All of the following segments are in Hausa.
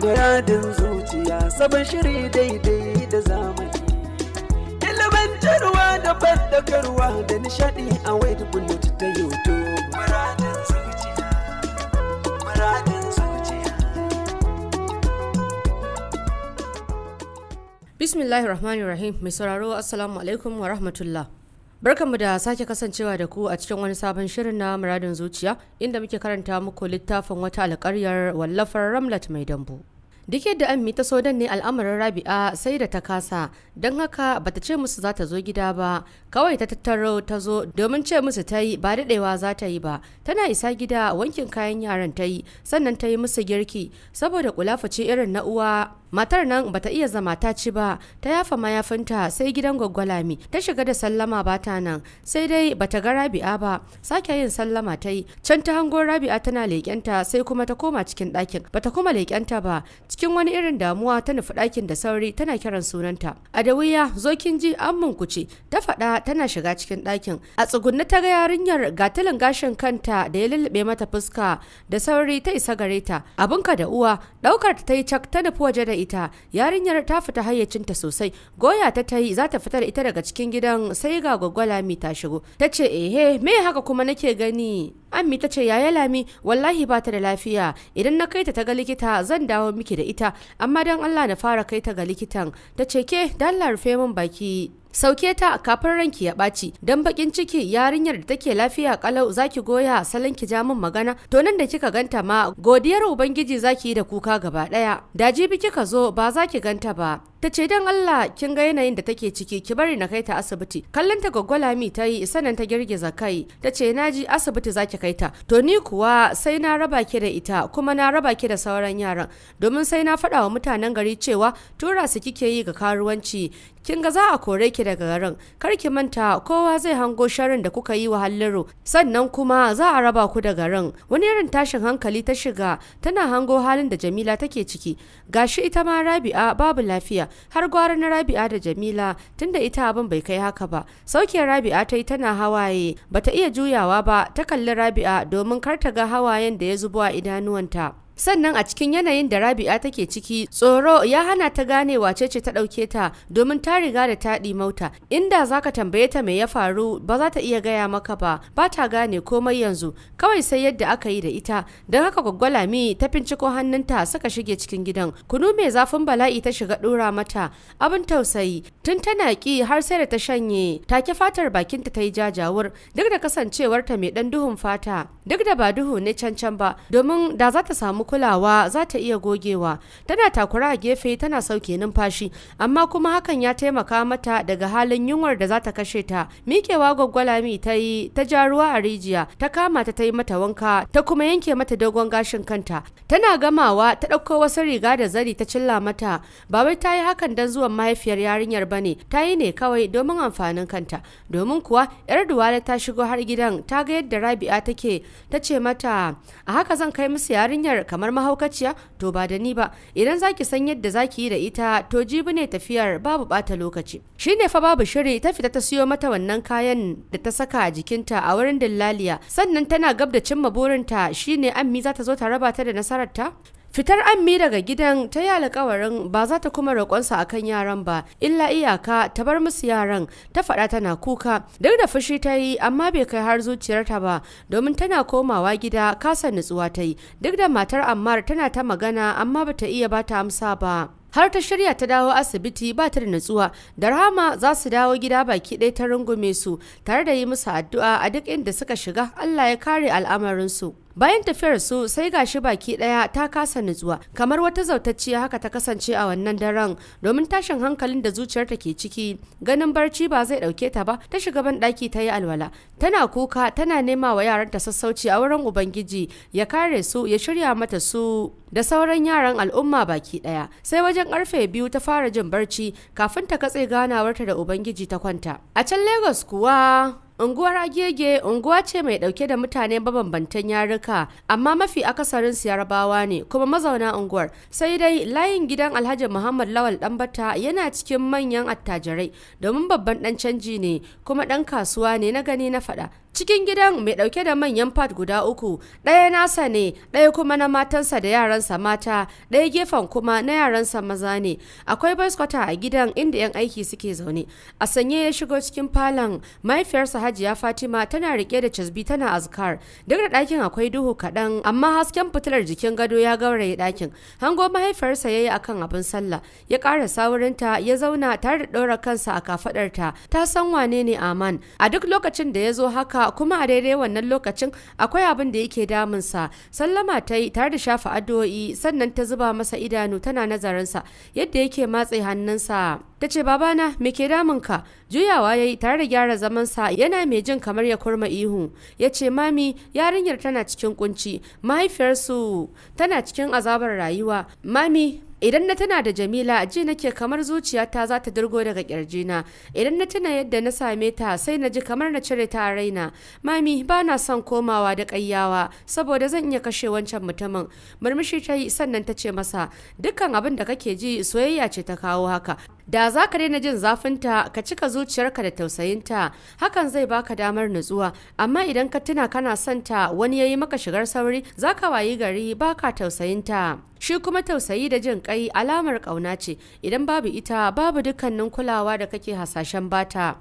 Muradin zuciya sabon shiri daidai da zamani. Ilimantarwa da bandakarwa da nishadi a da bullet ta YouTube. Muradin zuciya, rahim mai sauraro Assalamu alaikum wa rahmatullah. Barkanmu da sake kasancewa da ku a cikin wani sabon shirin na muradin zuciya inda muke karanta muku littafin wata alkaryar wallafar Ramlat Mai Dambu. Dike da ammi ta so ne al'amarin rabi'a sai da ta kasa don haka bata ce musu za ta zo gida ba kawai ta tattaro ta zo domin ce musu ta yi ba daɗewa za ta yi ba tana isa gida wankin kayan yaran ta yi sannan ta yi musu girki saboda kulafa irin na uwa matar nan bata iya zama ta ci ba ta yafa mayafinta sai gidan gwaggwalami ta shiga da sallama ba ta nan sai dai bata ga rabi'a ba sake yin sallama ta yi can ta hango rabi'a tana leƙenta sai kuma ta koma cikin ɗakin bata kuma leƙenta ba cikin wani irin damuwa ta nufi ɗakin da sauri tana kiran sunanta a da wuya zo kin ji an kuce ta faɗa tana shiga cikin ɗakin. A tsugunni ta ga yarinyar gatalin gashin kanta da ya lullube mata fuska da sauri ta isa gare ta. ka da uwa ɗaukar ta yi cak ta nufi waje da ita. Yarinyar ta fita hayyacinta sosai. Goya ta ta yi za ta fita da ita daga cikin gidan sai ga gwaggwala mi ta shigo. Ta ce ehe me haka kuma nake gani ammi ta ce yaya lami wallahi ba ta da lafiya idan na kaita ta ga likita zan dawo miki da ita amma don allah na fara kai ta ga likitan ta ce ke da allah rufe min baki sauke ta kafin ranki ya ɓaci don bakin ciki yarinyar da take lafiya kalau zaki goya salon ki ja min magana to nan da kika ganta ma godiyar ubangiji zaki yi da kuka gaba daya da jibi kika zo ba za ki ganta ba ta ce dan Allah kin ga yanayin da take ciki ki bari na kai ta asibiti kallon ta mi ta yi sanan ta girgiza kai ta ce ji asibiti zaki kai ta to ni kuwa sai na raba ki da ita kuma na raba ki da sauran yaran domin sai na faɗa wa mutanen gari cewa tura su kike yi ga karuwanci kin ga za a kore ki daga garin kar ki manta kowa zai hango sharin da kuka yi wa halliru sannan kuma za a raba ku da garin wani irin tashin hankali ta shiga tana hango halin da jamila take ciki gashi ita ma rabi'a babu lafiya har gwara na rabi'a da jamila tunda ita abin bai kai haka ba sauke rabi'a ta yi tana hawaye bata iya juyawa ba ta kalli rabi'a domin kar ta ga hawayen da ya zubo a idanuwanta sannan a cikin yanayin da rabi'a take ciki tsoro ya hana ta gane wace ce ta ɗauke ta domin ta riga da ta mauta inda zaka tambaye ta me ya faru ba za ta iya gaya maka ba ba ta gane komai yanzu kawai sai yadda aka yi da ita don haka gwaggwala mi ta finciko hannunta suka shige cikin gidan kunu mai zafin bala'i ta shiga ɗora mata abin tausayi tun tana ki har sai da ta shanye take fatar bakinta ta yi jajawur duk da kasancewarta mai ɗan duhun fata duk da ba duhu ne cancan ba domin da za ta samu kulawa za ta iya gogewa tana takura a gefe tana sauke numfashi amma kuma hakan ya taimaka mata daga halin yunwar da za ta kashe ta miƙewa gwaggwalami ta yi ta ja ruwa a rijiya ta kama ta ta yi mata wanka ta kuma yanke mata dogon gashin kanta tana gamawa ta ɗauko wasu riga da zari ta cilla mata ba wai ta yi hakan don zuwan mahaifiyar yarinyar ba ne ta yi ne kawai domin amfanin kanta domin kuwa yar duwala ta shigo har gidan ta ga yadda rabi'a take ta ce mata a haka zan kai musu yarinyar kamar mahaukaciya to ba da ni ba idan zaki san yadda zaki yi da ita to jibi ne tafiyar babu bata lokaci shi ne fa babu shiri ta fita ta siyo mata wannan kayan da ta saka a jikinta a wurin dillaliya sannan tana gab da cimma burinta ne ammi za ta zo ta raba ta da nasararta Fitar ammi daga gidan ta yi alkawarin ba za ta kuma roƙonsa a kan yaran ba, illa iyaka ta bar musu yaran, ta faɗa tana kuka. Duk da fushi ta yi amma bai kai har zuciyarta ba, domin tana komawa gida kasa nutsuwa ta yi. Duk da matar Ammar tana ta magana amma ba ta iya ba ta amsa ba. har ta shirya ta dawo asibiti ba ta da nutsuwa da rama za su dawo gida baki ɗaya ta rungume su tare da yi musu addu'a a duk inda suka shiga allah ya kare al'amarinsu bayan tafiyar su sai gashi baki daya ta kasa nutsuwa kamar wata zautacciya haka ta kasance a wannan daren domin tashin hankalin da zuciyarta ke ciki ganin barci ba zai dauke ta ba ta shiga ban daki ta yi alwala tana kuka tana nema wa yaranta sassauci a wurin ubangiji ya kare su ya shirya mata su da sauran yaran al'umma baki daya sai wajen karfe biyu ta fara jin barci kafin ta katse ganawarta da ubangiji ta kwanta a can lagos kuwa Unguwar Agege unguwa ce mai dauke da mutane mabambantan yaruka amma mafi akasarin su Yarabawa ne kuma mazauna unguwar. Sai dai layin gidan Alhaji Muhammad Lawal Dambata yana cikin manyan attajirai domin babban dan canji ne kuma dan kasuwa ne na gani na fada. cikin gidan mai ɗauke da manyan fat guda uku ɗaya nasa ne ɗaya kuma na matansa da yaransa mata ɗaya gefen kuma na yaransa maza ne akwai baskota a gidan inda 'yan aiki suke zaune a sanye ya shigo cikin falon mahaifiyarsa hajiya fatima tana rike da casbi tana azkar duk da ɗakin akwai duhu kaɗan amma hasken fitilar jikin gado ya gauraye ɗakin hango mahaifiyarsa ya yi akan abin sallah ya ƙara sawurinta ya zauna tare da ɗora kansa a kafaɗarta ta san wane ne aman a duk lokacin da ya zo haka haka kuma a daidai wannan lokacin akwai abin da yake damunsa sallama ta yi tare da shafa addu'o'i sannan ta zuba masa idanu tana nazarinsa yadda yake matse hannunsa ta ce babana me ke ka juyawa ya yi tare da gyara zamansa yana mai jin kamar ya kurma ihu ya ce mami yarinyar tana cikin kunci mahaifiyarsu tana cikin azabar rayuwa mami idan na tana da jamila ji nake kamar zuciyata za ta dirgo daga kirjina idan na tuna yadda na same ta sai na ji kamar na cire ta raina mami ba na son komawa da kayyawa saboda zan iya kashe wancan mutumin murmushi ta yi sannan ta ce masa dukkan abin da kake ji soyayya ce ta kawo haka da za ka daina jin zafinta ka cika zuciyarka da tausayinta hakan zai baka damar nutsuwa amma idan ka tuna kana santa wani ya yi maka shigar sauri za ka wayi gari ba baka tausayinta shi kuma tausayi da jin kai alamar ƙauna ce idan babu ita babu dukkanin kulawa da kake hasashen bata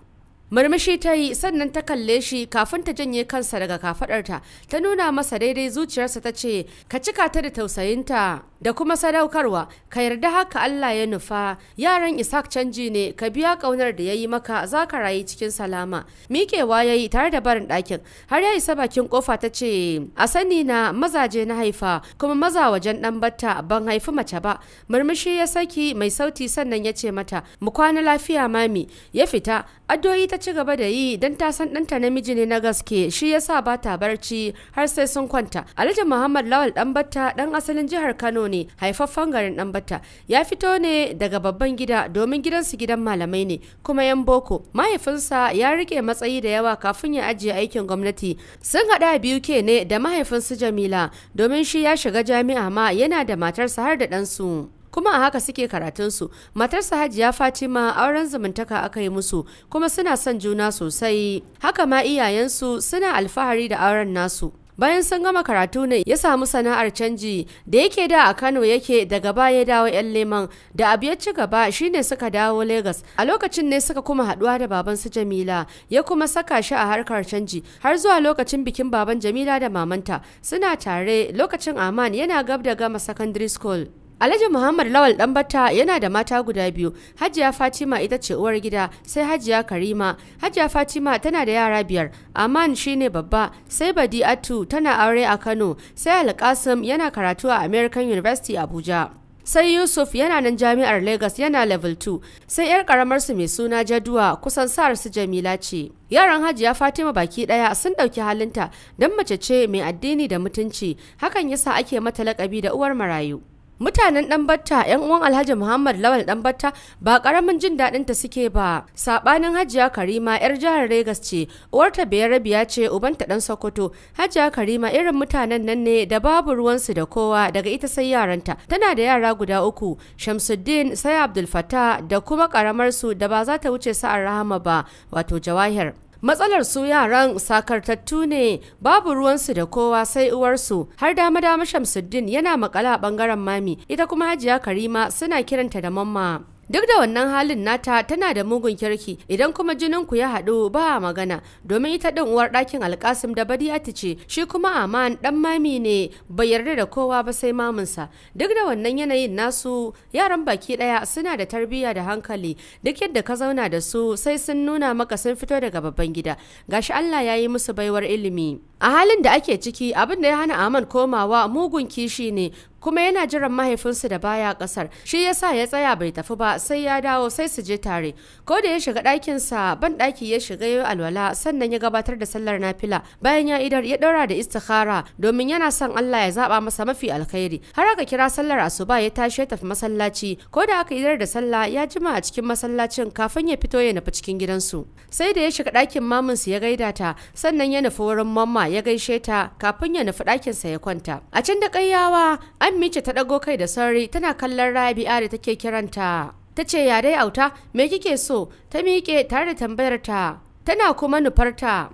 murmushi ta yi sannan ta kalle shi kafin ta janye kansa daga kafadarta ta nuna masa daidai zuciyarsa ta ce ka cika ta da tausayinta da kuma sadaukarwa ka yarda haka Allah ya nufa yaran Isaac canji ne ka biya kaunar da ya yi maka za ka rayu cikin salama miƙewa ya yi tare da barin ɗakin har ya isa bakin kofa ta ce a sani na mazaje na haifa kuma maza wajen ɗan batta ban haifi mace ba murmushi ya saki mai sauti sannan ya ce mata mu kwana lafiya mami ya fita addu'o'i ta ci gaba da yi don ta san ɗanta namiji ne na gaske shi ya sa ba ta barci har sai sun kwanta. Alhaji Muhammad Lawal Ɗanbata ɗan asalin jihar Kano ne haifaffen garin Ɗanbata. Ya fito ne daga babban gida domin gidansu gidan malamai ne kuma yan boko. Mahaifinsa ya rike matsayi da yawa kafin ya ajiye aikin gwamnati. Sun haɗa biyu ke ne da mahaifinsu Jamila domin shi ya shiga jami'a ma yana da matarsa har da ɗansu. kuma a haka suke karatunsu matarsa hajiya fatima auren zumuntaka aka yi musu kuma suna son juna sosai haka ma iyayensu suna alfahari da auren nasu bayan sun gama karatu ne ya samu sana'ar canji da yake da a kano yake daga baya ya dawo yan leman da abu ya ci gaba shine suka dawo legas a lokacin ne suka kuma haduwa da baban su jamila ya kuma saka shi a harkar canji har zuwa lokacin bikin baban jamila da mamanta suna tare lokacin aman yana gab da gama secondary school Alhaji Muhammad Lawal Dambata yana da mata guda biyu, Hajiya Fatima ita ce uwar gida, sai Hajiya Karima. Hajiya Fatima tana da yara biyar, Aman shine babba, sai badi atu tana aure a Kano, sai Alkasim yana karatu a American University Abuja. sai yusuf yana nan jami'ar lagos yana level 2 sai 'yar karamarsu mai suna jaduwa kusan sa'ar su jamila ce yaran hajiya fatima baki daya sun dauki halinta don mace ce mai addini da mutunci hakan yasa ake mata lakabi da uwar marayu mutanen dan yan uwan alhaji muhammad lawal dan batta ba karamin jin daɗin ta suke ba sabanin hajiya karima yar jihar Legas ce uwarta biyarabiya ce ubanta ɗan sokoto hajiya karima irin mutanen nan ne da babu ruwansu da kowa daga ita sai yaranta tana da yara guda uku shamsuddin sai abdul da kuma karamar su da ba za ta wuce sa'ar rahama ba wato jawahir matsalar su yaran sakartattu ne babu ruwansu da kowa sai uwarsu har dama dama shamsuddin yana makala a bangaren mami ita kuma hajiya karima suna kiranta da mamma duk da wannan halin nata tana da mugun kirki idan kuma jinin ku ya haɗu ba magana domin ita ɗin uwar ɗakin alkasim da badiyati ce shi kuma aman ɗan mami ne bai yarda da kowa ba sai mamunsa duk da wannan yanayin nasu yaran baki ɗaya suna da tarbiyya da hankali duk yadda ka zauna da su sai sun nuna maka sun fito daga babban gida gashi Allah ya yi musu baiwar ilimi a halin da ake ciki abin da ya hana aman komawa mugun kishi ne kuma yana jiran mahaifinsa da baya kasar shi yasa ya tsaya bai tafi ba sai ya dawo sai su je tare ko da ya shiga ɗakinsa ban ɗaki ya shiga yau alwala sannan ya gabatar da sallar nafila bayan ya idar ya ɗaura da istikhara domin yana son Allah ya zaɓa masa mafi alkhairi har aka kira sallar asuba ya tashi ya tafi masallaci ko da aka idar da sallah ya jima a cikin masallacin kafin ya fito ya nufi cikin gidansu sai da ya shiga ɗakin maminsu ya gaida ta sannan ya nufi wurin mamma ya gaishe ta kafin ya nufi ɗakinsa ya kwanta a can da ƙayyawa Mice ta ɗago kai da sauri tana kallon Rabi'a da take kiranta. Ta ce ya dai auta me kike so ta miƙe tare da tambayar ta tana kuma nufarta.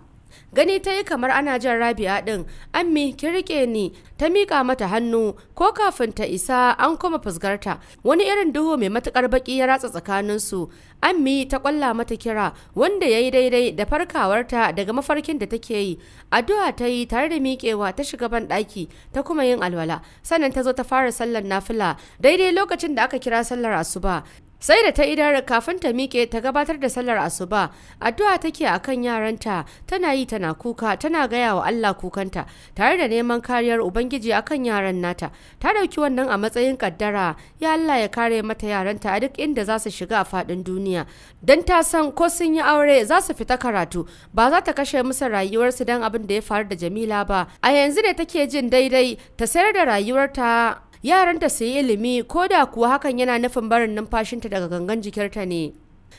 gani ta yi kamar ana jan rabi'a ɗin ammi kirke rike ni ta mika mata hannu ko kafin ta isa an kuma fusgarta wani irin duhu mai matukar baƙi ya ratsa tsakaninsu ammi ta kwalla mata kira wanda ya yi daidai da farkawarta daga mafarkin da take yi addu'a ta yi tare da miƙewa ta shiga ban ɗaki ta kuma yin alwala sannan ta zo ta fara sallar nafila daidai lokacin da aka kira sallar asuba sai da ta idara kafin ta miƙe ta gabatar da sallar asuba addu'a take akan yaranta tana yi tana kuka tana gaya wa Allah kukanta tare da neman kariyar ubangiji akan yaran nata ta dauki wannan a matsayin kaddara ya Allah ya kare mata yaranta a duk inda za su shiga a fadin duniya dan ta san ko sun yi aure za su fita karatu ba za ta kashe musu rayuwarsu dan abin da ya faru da Jamila ba a yanzu ne take jin daidai ta sayar da rayuwarta yaranta su yi ilimi ko da kuwa hakan yana nufin barin numfashinta daga gangan jikinta ne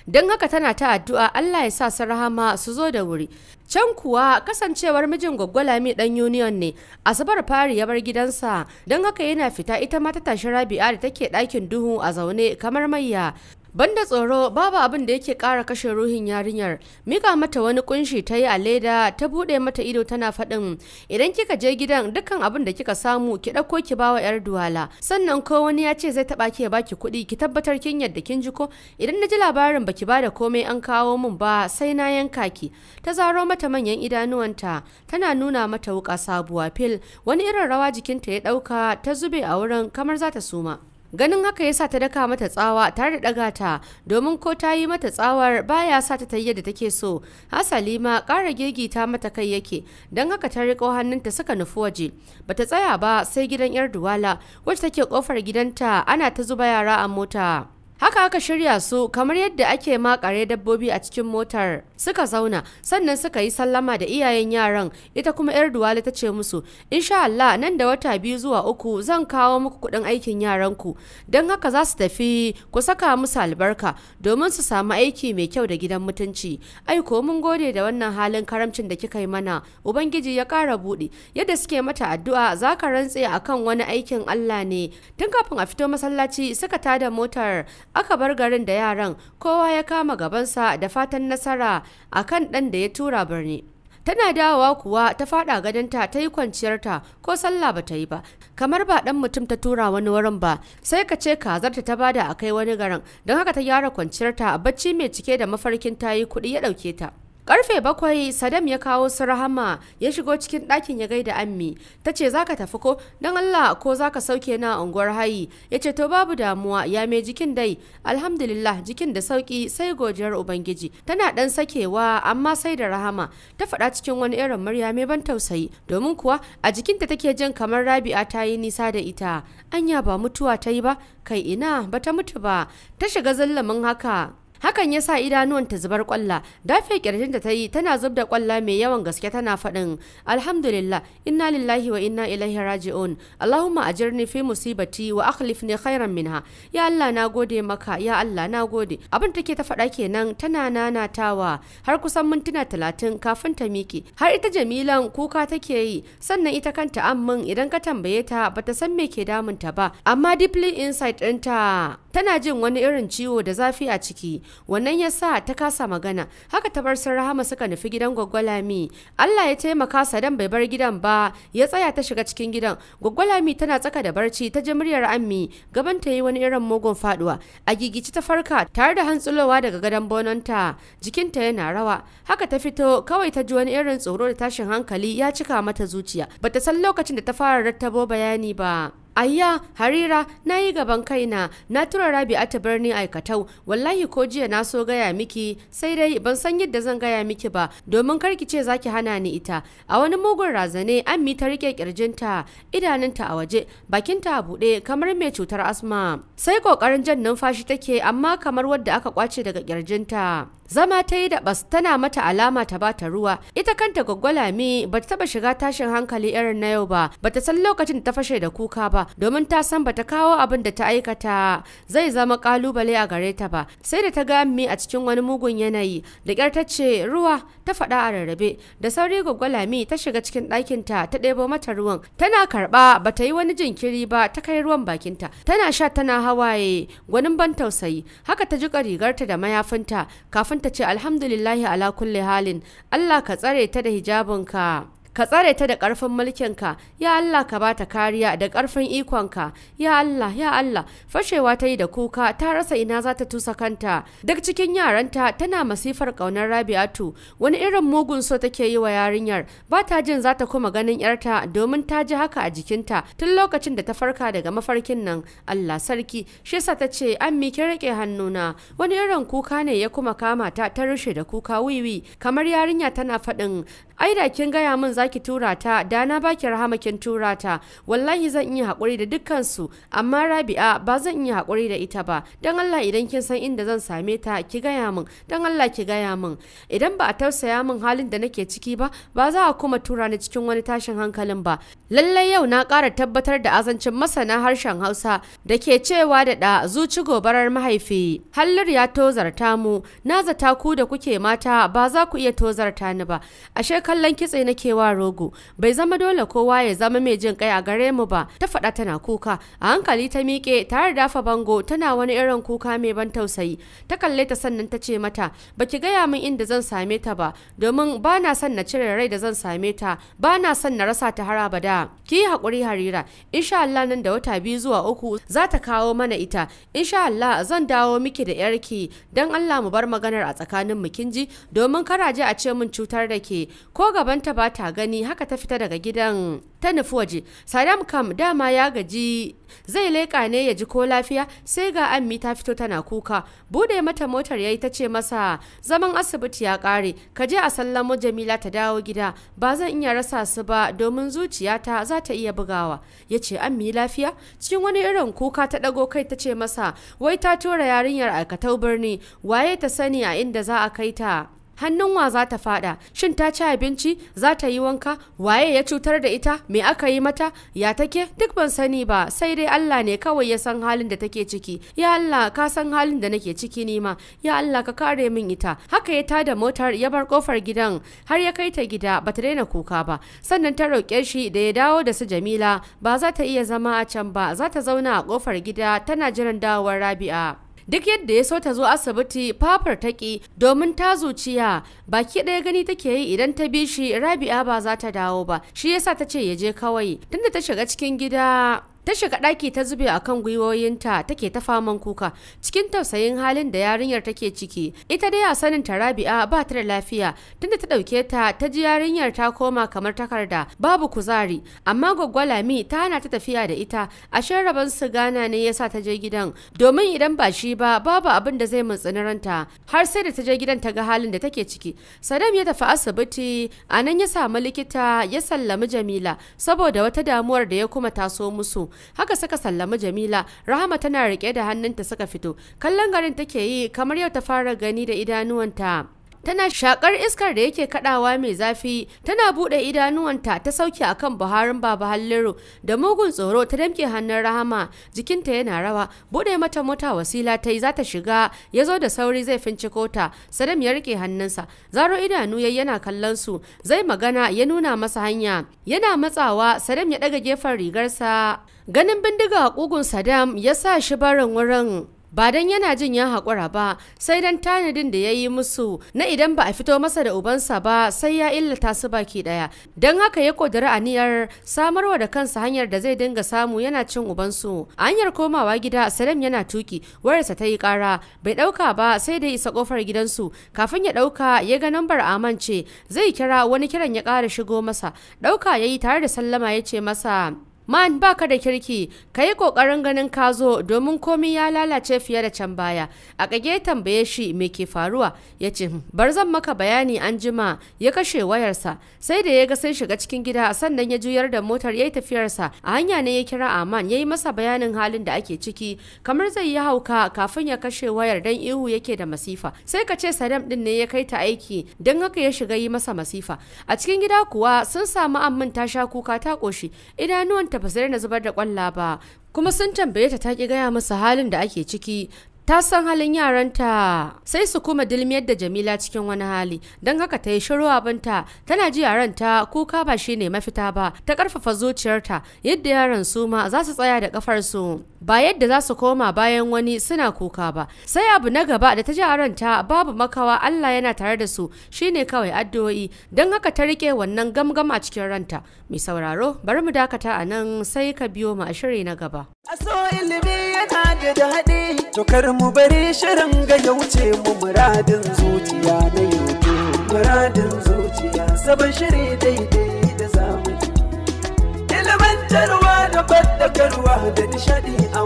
don haka tana ta addu'a Allah ya sa su rahama su zo da wuri can kuwa kasancewar mijin gwaggwala Lami dan union ne asabar fari ya bar gidansa don haka yana fita ita ma ta tashi rabi'a da take ɗakin duhu a zaune kamar mayya banda tsoro babu abin da yake kara kashe ruhin yarinyar mika mata wani kunshi ta yi a leda ta buɗe mata ido tana faɗin idan kika je gidan dukkan abin da kika samu ki ɗauko ki bawa yar duwala sannan ko wani ya ce zai taɓa ki ya baki kuɗi ki tabbatar kin yadda kin ji ko idan na ji labarin baki ba da komai an kawo min ba sai na yanka ki ta zaro mata manyan idanuwanta tana nuna mata wuka sabuwa fil wani irin rawa jikinta ya ɗauka ta zube a wurin kamar za ta suma. ganin haka ya sa ta daka mata tsawa tare da ɗaga ta domin ko ta yi mata tsawar baya sa ta tayyar da take so hasali ma ƙara ta mata kai yake don haka ta riƙo hannunta suka nufi waje ba ta tsaya ba sai gidan yar duwala wacce take ƙofar gidanta ana ta zuba yara a mota haka aka shirya su kamar yadda ake makare dabbobi a cikin motar suka zauna sannan suka yi sallama da iyayen yaran ita kuma yar duwali ta ce musu insha Allah nan da wata biyu zuwa uku zan kawo muku kuɗin aikin yaranku don haka za su tafi ku saka musu albarka domin su samu aiki mai kyau da gidan mutunci ai ko mun gode da wannan halin karamcin da kika yi mana ubangiji ya ƙara buɗe yadda suke mata addu'a za ka rantse akan wani aikin Allah ne tun kafin a fito masallaci suka tada motar aka bar garin da yaran kowa ya kama gabansa da fatan nasara a kan ɗan da ya tura birni tana dawowa kuwa ta fada gadonta ta yi kwanciyarta ko sallah ba ta yi ba kamar ba dan mutum ta tura wani wurin ba sai ka ce kazarta ta bada a kai wani garin don haka ta gyara kwanciyarta a bacci mai cike da mafarkin ta yi kuɗi ya ɗauke ta Karfe bakwai Sadam ya kawo su Rahama ya shigo cikin ɗakin ya gaida Ammi. Ta ce za ka tafi ko don Allah ko za ka sauke na unguwar hayi. Ya ce to babu damuwa ya mai jikin dai. Alhamdulillah jikin da sauki sai godiyar Ubangiji. Tana ɗan sakewa amma sai da Rahama. Ta faɗa cikin wani irin murya mai ban tausayi. Domin kuwa a jikinta take jin kamar Rabi'a ta yi nisa da ita. Anya ba mutuwa ta yi ba kai ina ba ta mutu ba. Ta shiga zallamin haka hakan ya sa ta zubar kwalla dafe kirjin da ta yi tana zub da kwalla mai yawan gaske tana faɗin alhamdulillah inna lillahi wa inna ilaihi raji'un allahumma ajirni fi musibati wa akhlifni khairan minha ya allah na gode maka ya allah na gode abin take ta faɗa kenan tana nanatawa har kusan mintuna talatin kafin ta miki har ita jamilan kuka take yi sannan ita kanta amman idan ka tambaye ta bata san me ke damunta ba amma deeply inside ɗinta tana jin wani irin ciwo da zafi a ciki wannan ya sa ta kasa magana haka ta bar sarrahama suka nufi gidan gwagwalami Allah ya taimaka sadan bai bar gidan ba ya tsaya ta shiga cikin gidan gwaggwalami tana tsaka da barci ta ji muryar ammi gaban ta yi wani irin mugun faduwa a gigici ta farka tare da hantsulowa daga gadon bononta jikinta yana rawa haka ta fito kawai ta ji wani irin tsoro da tashin hankali ya cika mata zuciya bata san lokacin da ta fara rattabo bayani ba ayya harira na yi gaban kaina na tura rabi'a ta birnin aikatau wallahi ko jiya na so gaya miki sai dai ban san yadda zan gaya miki ba domin kar ki ce zaki hana ni ita a wani mugun razane mi ta rike kirjinta idanunta a waje bakinta a bude kamar mai cutar asma sai kokarin jan numfashi take amma kamar wadda aka kwace daga kirjinta zama ta yi da bas tana mata alama ta bata ruwa ita kanta gwaggwala mi bata ta taba shiga tashin hankali irin na yau ba bata san lokacin da ta fashe da kuka ba domin ta san bata kawo abin da ta aikata zai zama kalubale a gare ta ba sai da ta ga mi a cikin wani mugun yanayi da ƙyar ta ce ruwa ta faɗa a rarrabe da sauri lami ta shiga cikin ɗakin ta ta ɗebo mata ruwan tana karɓa bata yi wani jinkiri ba ta kai ruwan bakinta tana sha tana hawaye gwanin ban tausayi haka ta jiƙa rigarta da mayafinta kafin ta ce alhamdulillahi ala kulli halin Allah ka tsare ta da hijabinka. ka tsare ta da ƙarfin mulkinka ya Allah ka ba ta kariya da ƙarfin ikonka ya Allah ya Allah fashewa ta yi da kuka ta rasa ina za ta tusa kanta duk cikin yaranta tana masifar ƙaunar Rabi'atu wani irin mugun so take yi wa yarinyar ba ta jin za ta kuma ganin yarta domin ta ji haka a jikinta tun lokacin da ta farka daga mafarkin nan Allah sarki shi sa ta ce an mi rike hannuna wani irin kuka ne ya kuma kama ta ta rushe da kuka wiwi kamar yarinya tana faɗin ai da kin gaya min za zaki tura ta da na baki rahama kin tura ta wallahi zan iya hakuri da dukkan su amma Rabi'a ba zan iya hakuri da ita ba dan Allah idan kin san inda zan same ta ki gaya min dan Allah ki gaya min idan ba a tausaya min halin da nake ciki ba ba za a kuma tura ni cikin wani tashin hankalin ba lallai yau na ƙara tabbatar da azancin masana harshen Hausa da ke cewa da da zuci gobarar mahaifi hallar ya tozarta mu na zata ku da kuke mata ba za ku iya tozarta ni ba ashe kallon kitse nake wa rogo bai zama dole kowa ya zama mai jin kai a gare mu ba ta faɗa tana kuka a hankali ta miƙe ta da dafa bango tana wani irin kuka mai ban tausayi ta kalle ta sannan ta ce mata baki gaya min inda zan same ta ba domin ba na son na cire rai da zan same ta ba na son na rasa ta har abada ki yi haƙuri harira insha Allah nan da wata biyu zuwa uku za ta kawo mana ita insha Allah zan dawo miki da yarki dan Allah mu bar maganar a tsakanin mu kinji domin karaje a ce min cutar da ke ko gabanta ba ta gani haka ta fita daga gidan ta nufi waje sadam kam dama ya gaji zai leƙa ne ya ji ko lafiya sai ga ammi ta fito tana kuka bude mata motar yayi ta ce masa zaman asibiti ya ƙare ka je a sallamo jamila ta dawo gida ba zan iya rasa su ba domin zuciyata za ta iya bugawa ya ce ammi lafiya cikin wani irin kuka ta ɗago kai ta ce masa wai ta tura yarinyar aikatau birni waye ta sani a inda za a kai ta hannun wa za ta fada shin ta ci abinci za ta yi wanka waye ya cutar da ita me aka yi mata ya take duk ban sani ba sai dai Allah ne kawai ya san halin da take ciki ya Allah ka san halin da nake ciki nima ya Allah ka kare min ita haka ya tada motar ya bar kofar gidan har ya kai ta gida ba ta daina kuka ba sannan ta roƙe shi da ya dawo da su Jamila ba za ta iya zama a can ba za ta zauna a kofar gida tana jiran dawowar Rabi'a duk yadda ya so ta zo asibiti fafar taƙi domin ta zuciya baki ɗaya gani take yi idan ta bi shi rabi'a ba za ta dawo ba shi yasa ta ce ya je kawai tunda ta shiga cikin gida ta shiga ɗaki ta zube a kan gwiwoyinta take ta faman kuka cikin tausayin halin da yarinyar take ciki ita dai a sanin ta rabi'a ba ta da lafiya tunda ta ɗauke ta ta ji yarinyar ta koma kamar takarda babu kuzari amma Lami ta hana ta tafiya da ita a sharraban su gana ne yasa ta je gidan domin idan ba shi ba babu abin da zai mutsini ranta har sai da ta je gidan ta ga halin da take ciki sadam ya tafi asibiti a nan ya samu likita ya sallami jamila saboda wata damuwar da ya kuma taso musu haka suka sallami jamila rahama tana rike da hannunta suka fito kallon garin take yi kamar yau ta fara gani da idanuwanta tana shakar iskar da yake kadawa mai zafi tana bude idanuwanta ta sauke akan buharin baba halliru da mugun tsoro ta damke hannun rahama jikinta yana rawa bude mata mota wasila ta yi za shiga ya zo da sauri zai finciko ta sadam ya rike hannunsa zaro idanu ya yana kallon su zai magana ya nuna masa hanya yana matsawa sadam ya daga gefen rigarsa Ganin bindiga a ƙugun Saddam ya sa shi barin wurin ba don yana jin ya haƙura ba sai don tanadin da ya yi musu na idan ba a fito masa da ubansa ba sai ya illata su baki ɗaya don haka ya ƙudiri aniyar samarwa da kansa hanyar da zai dinga samu yana cin ubansu a hanyar komawa gida salem yana tuki wayarsa ta yi ƙara bai ɗauka ba sai da isa ƙofar gidansu kafin ya ɗauka ya ga nambar amance zai kira wani kiran ya ƙara shigo masa ɗauka ya yi tare da sallama ya ce masa man baka da kirki ka yi ƙoƙarin ganin ka zo domin komi ya lalace fiye da can baya a ƙage tambaye shi me ke faruwa ya ce hmm, bar zan maka bayani an jima ya kashe wayarsa sai da ya ga sai shiga cikin gida sannan ya juyar da motar ya yi tafiyarsa a hanya ne ya kira aman ya yi masa bayanin halin da ake ciki kamar zai yi hauka kafin ya kashe wayar dan ihu yake da masifa sai ka ce sadam din ne ya kai ta aiki don haka ya shiga yi masa masifa a cikin gida kuwa sun samu amman ta sha kuka ta ƙoshi idanuwanta ta ba zai daina zubar da kwalla ba kuma sun tambaye ta ta ki gaya musu halin da ake ciki ta san halin yaranta sai su kuma dilmiyar da Jamila cikin wani hali don haka ta yi shiru abinta tana ji yaranta kuka ba shi ne mafita ba ta karfafa zuciyarta yadda yaran su ma za su tsaya da kafar su ba yadda za su koma bayan wani suna kuka ba sai abu na gaba da ta ji yaranta babu makawa Allah yana tare da su shine kawai addu'o'i don haka ta rike wannan gamgam a cikin ranta mai sauraro bari mu dakata a nan sai ka biyo mu a shiri na gaba. ilimi yana da daɗi to kar mu bari shirin ga ya wuce mu muradin zuciya na yanzu muradin zuciya sabon shiri daidai da zamani ilmantarwa da fadakarwa da nishaɗi a